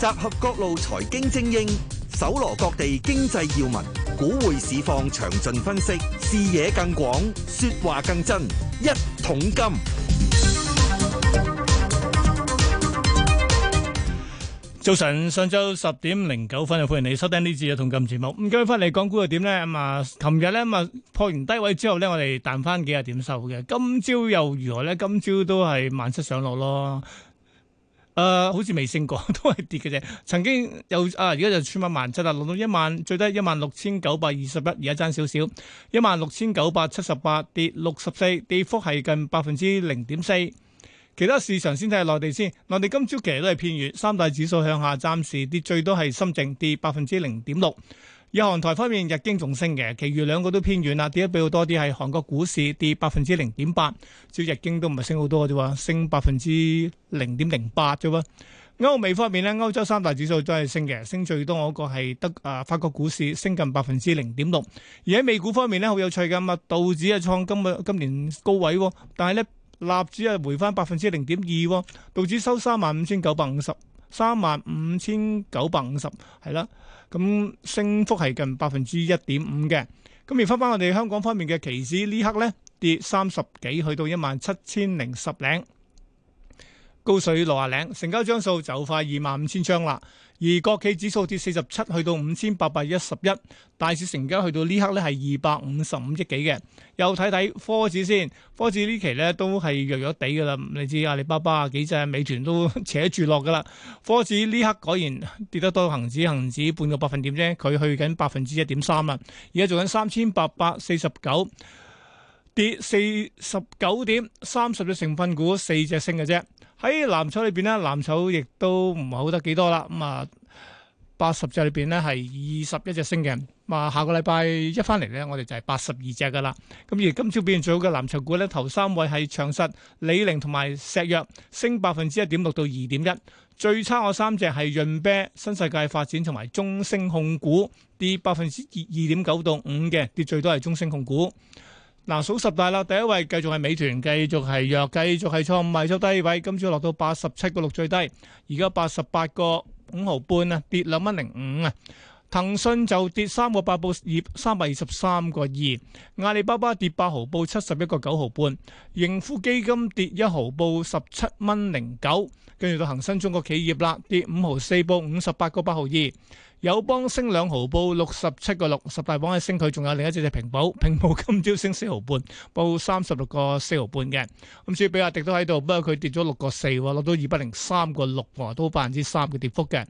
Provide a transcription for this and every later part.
集合各路財經精英，搜羅各地經濟要聞，股匯市況詳盡分析，視野更廣，說話更真，一桶金。早晨，上晝十點零九分，歡迎你收聽呢節嘅一桶金節目。咁今日翻嚟講股又點咧？咁啊，琴日咧，咁啊破完低位之後咧，我哋彈翻幾日點收嘅？今朝又如何咧？今朝都係萬七上落咯。誒、呃,好似未升過，都係跌嘅啫。曾經有啊，而家就穿一萬七啦，落到一萬最低一萬六千九百二十一，而家爭少少，一萬六千九百七十八，跌六十四，跌幅係近百分之零點四。其他市場先睇下，內地先，內地今朝其實都係偏弱，三大指數向下，暫時跌最多係深證跌百分之零點六。日韓台方面，日經仲升嘅，其餘兩個都偏軟啦，跌得比較多啲。係韓國股市跌百分之零點八，照日經都唔係升好多啫，升百分之零點零八啫。喎，歐美方面咧，歐洲三大指數都係升嘅，升最多嗰個係德啊，法國股市升近百分之零點六。而喺美股方面咧，好有趣㗎，嘛，道指啊創今啊今年高位，但係咧納指係回翻百分之零點二，道指收三萬五千九百五十。三萬五千九百五十，係啦，咁升幅係近百分之一點五嘅，咁而翻翻我哋香港方面嘅期指，呢刻咧，跌三十幾，去到一萬七千零十頂。高水羅下嶺成交張數就快二萬五千張啦，而國企指數跌四十七，去到五千八百一十一，大市成交去到呢刻咧係二百五十五億幾嘅。又睇睇科指先，科指呢期咧都係弱弱地噶啦。你知阿里巴巴、啊、幾隻美團都扯住落噶啦。科指呢刻果然跌得多，恒指恒指半個百分點啫，佢去緊百分之一點三啦。而家做緊三千八百四十九，在在 3, 49, 跌四十九點，三十隻成分股四隻升嘅啫。喺藍籌裏邊咧，藍籌亦都唔好得幾多啦。咁、嗯、啊，八十隻裏邊咧係二十一隻升嘅，嘛、嗯、下個禮拜一翻嚟呢，我哋就係八十二隻噶啦。咁而今朝表現最好嘅藍籌股呢，頭三位係長實、李寧同埋石藥，升百分之一點六到二點一。最差嗰三隻係潤啤、新世界發展同埋中升控股，跌百分之二二點九到五嘅，跌最多係中升控股。嗱，數十大啦，第一位繼續係美團，繼續係弱，繼續係創五日低位，今朝落到八十七個六最低，而家八十八個五毫半啊，跌兩蚊零五啊。騰訊就跌三個八報二三百二十三個二，阿里巴巴跌八毫報七十一個九毫半，盈富基金跌一毫報十七蚊零九，跟住到恒生中國企業啦，跌五毫四報五十八個八毫二。友邦升兩毫，報六十七個六。十大榜係升，佢仲有另一隻隻平保，平保今朝升四毫半，報三十六個四毫半嘅。咁至於比亞迪都喺度，不過佢跌咗六個四，落到二百零三個六，都百分之三嘅跌幅嘅。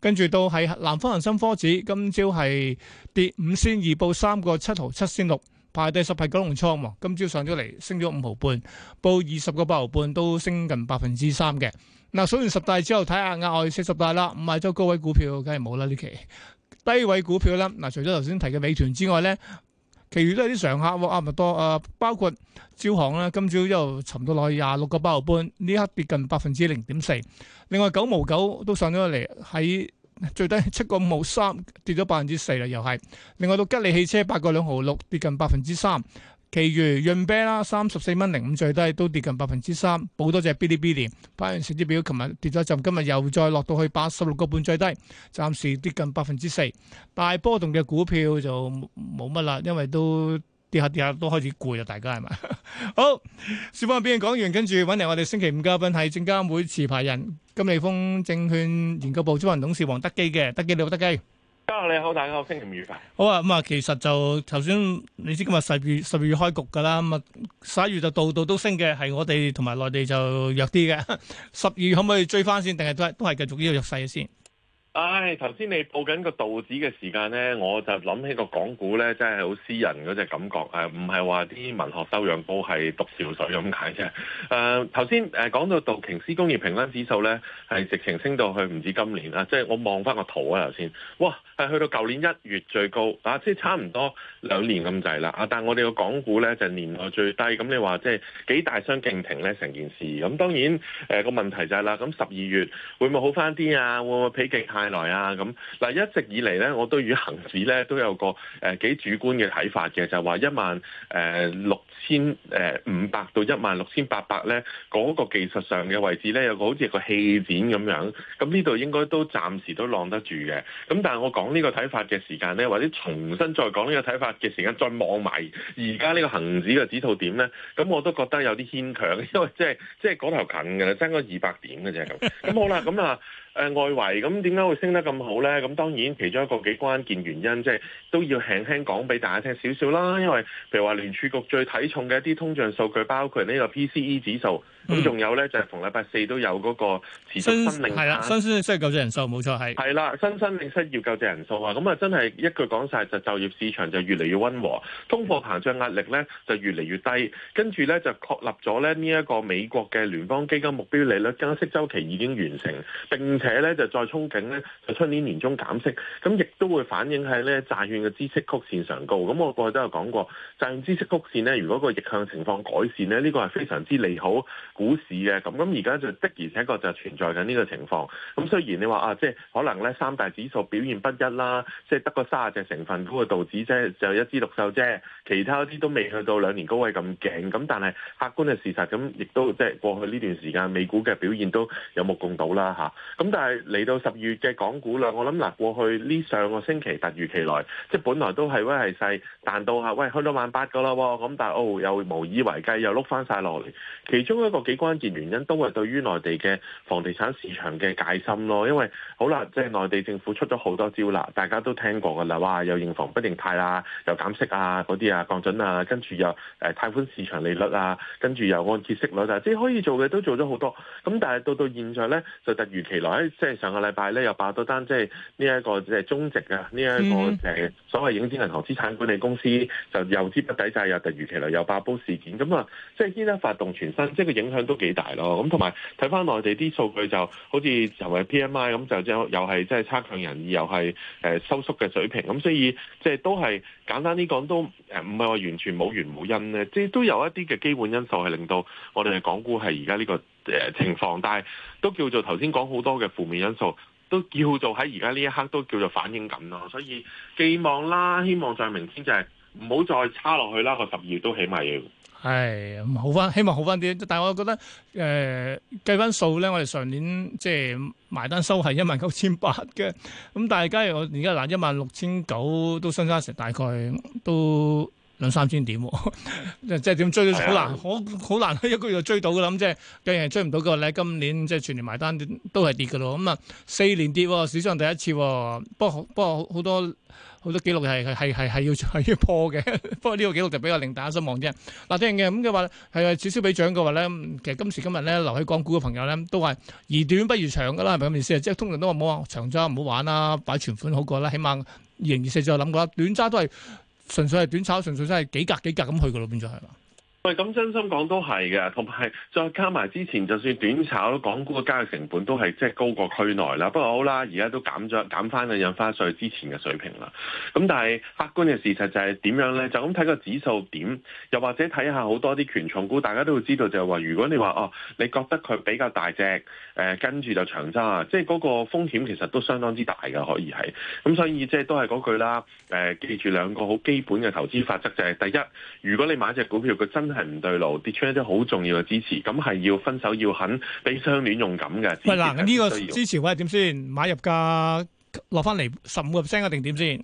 跟住到喺南方恒生科指，今朝係跌五仙二，報三個七毫七仙六，排第十，係九龍倉喎。今朝上咗嚟，升咗五毫半，報二十個八毫半，都升近百分之三嘅。嗱，數完十大之後，睇下額外四十大啦。五十周高位股票梗係冇啦，呢期低位股票啦。嗱，除咗頭先提嘅美團之外咧，其餘都係啲常客。阿咪多啊，包括招行啦，今朝又沉到落去廿六個八毫半，呢刻跌近百分之零點四。另外九毛九都上咗嚟，喺最低七個五毫三，跌咗百分之四啦，又係。另外到吉利汽車八個兩毫六，跌近百分之三。其餘潤啤啦，三十四蚊零五最低，都跌近百分之三。補多隻嗶哩嗶哩。派完成績表，琴日跌咗一浸，今日又再落到去八十六個半最低，暫時跌近百分之四。大波動嘅股票就冇乜啦，因為都跌下跌下都開始攰啦，大家係咪？ 好，小方邊講完，跟住揾嚟我哋星期五嘉賓係證監會持牌人金利豐證券研究部執行董事黃德幾嘅，德幾，你好，德幾。你好，大家好，星期五愉快。好啊，咁、嗯、啊，其實就頭先，你知今日十,十二月開局噶啦，咁、嗯、啊十一月就度度都升嘅，係我哋同埋內地就弱啲嘅。十二月可唔可以追翻先，定係都係都係繼續呢個弱勢先？唉，頭先你報緊個道指嘅時間咧，我就諗起個港股咧，真係好斯人嗰隻感覺。誒，唔係話啲文學修養高係讀少水咁解啫。誒、呃，頭先誒講到道瓊斯工業平均指數咧，係直情升到去唔止今年啦、啊。即係我望翻個圖啊，頭先，哇，係去到舊年一月最高啊，即係差唔多兩年咁滯啦。啊，但係我哋個港股咧就年內最低。咁你話即係幾大相徑庭咧？成件事咁、啊，當然誒個、呃、問題就係、是、啦。咁十二月會唔會好翻啲啊？會唔會避極限？來啊咁嗱，一直以嚟咧，我對於恒指咧都有個誒幾主觀嘅睇法嘅，就係話一萬誒六千誒五百到一萬六千八百咧，嗰個技術上嘅位置咧，有個好似個氣墊咁樣，咁呢度應該都暫時都擋得住嘅。咁但係我講呢個睇法嘅時間咧，或者重新再講呢個睇法嘅時間，再望埋而家呢個恒指嘅指數點咧，咁我都覺得有啲牽強，因為即係即係嗰頭近噶啦，差唔多二百點嘅啫咁。咁好啦，咁啊。誒外圍咁點解會升得咁好咧？咁當然其中一個幾關鍵原因，即係都要輕輕講俾大家聽少少啦。因為譬如話聯儲局最睇重嘅一啲通脹數據，包括呢個 PCE 指數，咁仲有咧就係逢禮拜四都有嗰個持、嗯、新增領薪，係啦，新增需要失業救濟人數冇錯係，係啦，新增申領要失業救濟人數啊，咁啊真係一句講晒，就，就就業市場就越嚟越溫和，通貨膨脹壓力咧就越嚟越低，跟住咧就確立咗咧呢一個美國嘅聯邦基金目標利率加息週期已經完成並且。且咧就再憧憬咧，就出年年中減息，咁亦都會反映喺咧債券嘅孳息曲線上高。咁我過去都有講過，債券孳息曲線咧，如果個逆向情況改善咧，呢、這個係非常之利好股市嘅。咁咁而家就的而且確就存在緊呢個情況。咁雖然你話啊，即係可能咧三大指數表現不一啦，即係得個卅隻成分股嘅、那個、道指即就一枝獨秀啫，其他啲都未去到兩年高位咁勁。咁但係客觀嘅事實咁，亦都即係過去呢段時間美股嘅表現都有目共睹啦，吓。咁。咁但係嚟到十月嘅港股量，我諗嗱，過去呢上個星期突如其來，即係本來都係威係細，彈到話喂去到萬八個啦喎！咁但係哦又無以為繼，又碌翻晒落嚟。其中一個幾關鍵原因都係對於內地嘅房地產市場嘅戒心咯。因為好啦，即係內地政府出咗好多招啦，大家都聽過㗎啦，哇！又認房不認貸啦，又減息啊嗰啲啊降準啊，跟住又誒貸款市場利率啊，跟住又按揭息率啊，即係可以做嘅都做咗好多。咁但係到到現在咧，就突如其來。即係上個禮拜咧，又爆多單，即係呢一個即係中植啊，呢一個誒所謂影子銀行資產管理公司就又資不抵債，又突如其來又爆煲事件，咁啊，即係依家發動全身，即係個影響都幾大咯。咁同埋睇翻內地啲數據，就好似作為 PMI 咁，就又又係即係差強人意，又係誒收縮嘅水平，咁所以即係都係。簡單啲講都誒，唔係話完全冇緣無因咧，即係都有一啲嘅基本因素係令到我哋嘅港股係而家呢個誒、呃、情況，但係都叫做頭先講好多嘅負面因素，都叫做喺而家呢一刻都叫做反映緊咯，所以寄望啦，希望就係明天就係唔好再差落去啦，個十二月都起碼要。係好翻，希望好翻啲。但係我覺得誒、呃、計翻數咧，我哋上年即係埋單收係一萬九千八嘅。咁但係假如我而家嗱，一萬六千九都相差成大概都兩三千點，哦， 即係點追好呦難，好好難一個月就追到噶啦。咁即係有啲人追唔到嘅話，你今年即係全年埋單都係跌嘅咯。咁啊四年跌，哦，史上第一次，哦。不過不過好多。好多記錄係係係係要係要破嘅，不過呢個記錄就比較令大家失望啫。嗱、啊，聽嘅咁嘅話係啊，取消俾獎嘅話咧，其實今時今日咧，留喺港股嘅朋友咧都係而短不如長嘅啦。係咪咁意思啊？即係通常都話冇啊，長揸唔好玩啦，擺存款好過啦，起碼二零二四再諗過啦。短揸都係純粹係短炒，純粹真係幾格幾格咁去嘅咯，變咗係啦。喂，咁真心講都係嘅，同埋再加埋之前，就算短炒港股嘅交易成本都係即係高過區內啦。不過好啦，而家都減咗減翻個印花稅之前嘅水平啦。咁但係客觀嘅事實就係點樣咧？就咁睇個指數點，又或者睇下好多啲權重股，大家都會知道就係話，如果你話哦，你覺得佢比較大隻，誒跟住就長揸，即係嗰個風險其實都相當之大嘅，可以係。咁所以即係都係嗰句啦。誒、呃，記住兩個好基本嘅投資法則就係、是、第一，如果你買隻股票，佢真係。係唔對路，跌穿一啲好重要嘅支持，咁係要分手要肯俾相戀用咁嘅。唔係嗱，呢個支持位係點先買入價，落翻嚟十五個 percent 一定點先。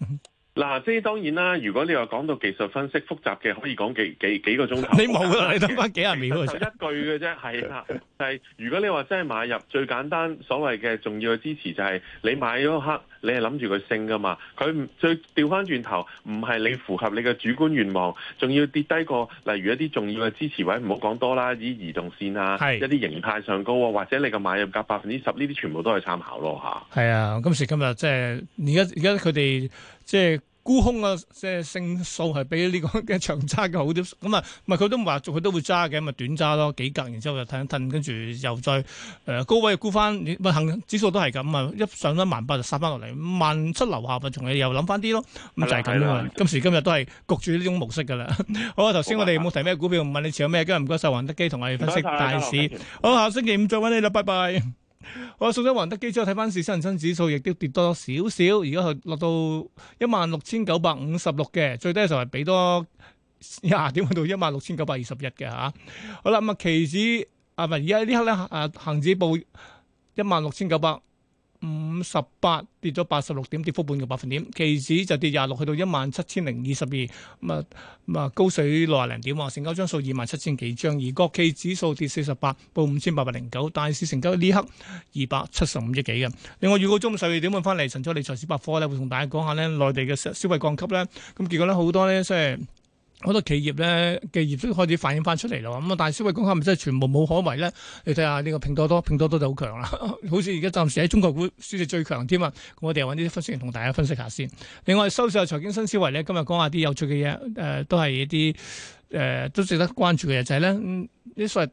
嗱，即係、啊就是、當然啦。如果你話講到技術分析複雜嘅，可以講幾幾幾個鐘頭。 你冇啦，你得翻幾廿秒，一句嘅啫。係啦、啊，係。 但係如果你話真係買入，最簡單所謂嘅重要嘅支持就係、是、你買嗰刻，你係諗住佢升噶嘛。佢最調翻轉頭，唔係你符合你嘅主觀願望，仲要跌低過。例如一啲重要嘅支持位，唔好講多啦。以移動線啊，是一啲形態上高，或者你嘅買入價百分之十，呢啲全部都係參考咯。吓，係啊。今時今日即係而家而家佢哋。即係沽空啊！即係勝數係比呢個嘅長揸嘅好啲，咁、嗯就是嗯 um, 啊，咪佢都唔話，佢都會揸嘅，咪短揸咯，幾、嗯、格，然之後就褪一褪，跟住又再誒高位沽翻，唔咪恒指數都係咁啊！一上翻萬八就殺翻落嚟，萬七樓下咪仲係又諗翻啲咯，咁就係咁啊！今時今日都係焗住呢種模式噶啦、嗯。好啊，頭先、嗯、我哋冇提咩股票，唔問你持有咩，今日唔該晒黃德幾同我哋分析大市。好，下星期五再揾你啦，拜拜。我送咗恒德基之後，睇翻市新，恒生指數亦都跌多少少，而家係落到一萬六千九百五十六嘅，最低嘅時候係俾多廿點去到一萬六千九百二十一嘅吓。好啦，咁啊期指啊，而家呢刻咧啊恒指報一萬六千九百。五十八跌咗八十六點，跌幅半個百分點。期指就跌廿六、嗯，去到一萬七千零二十二。啊，啊，高水六十零點啊，成交張數二萬七千幾張。而國企指數跌四十八，報五千八百零九。大市成交呢刻二百七十五億幾嘅。另外預告中午十二點半翻嚟，晨早理財市百科咧會同大家講下咧內地嘅消費降級呢咁結果呢，好多呢。即係。好多企業咧嘅業績開始反映翻出嚟咯，咁啊，但係消費供應係咪真係全部冇可為咧？你睇下呢個拼多多，拼多多就強 好強啦，好似而家暫時喺中國股市係最強添啊。我哋揾啲分析員同大家分析下先。另外收市下財經新思維咧，今日講下啲有趣嘅嘢，誒、呃、都係一啲誒、呃、都值得關注嘅嘢，就係咧啲所謂。嗯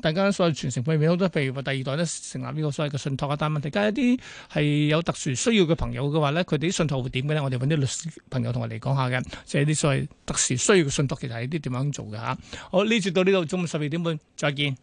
大家所謂傳承方面好多，譬如話第二代咧成立呢個所謂嘅信託，但係問題，假如啲係有特殊需要嘅朋友嘅話咧，佢哋啲信託會點嘅咧？我哋揾啲律師朋友同我哋講下嘅，就係啲所謂特殊需要嘅信託，其實係啲點樣做嘅嚇。好，呢節到呢度，中午十二點半，再見。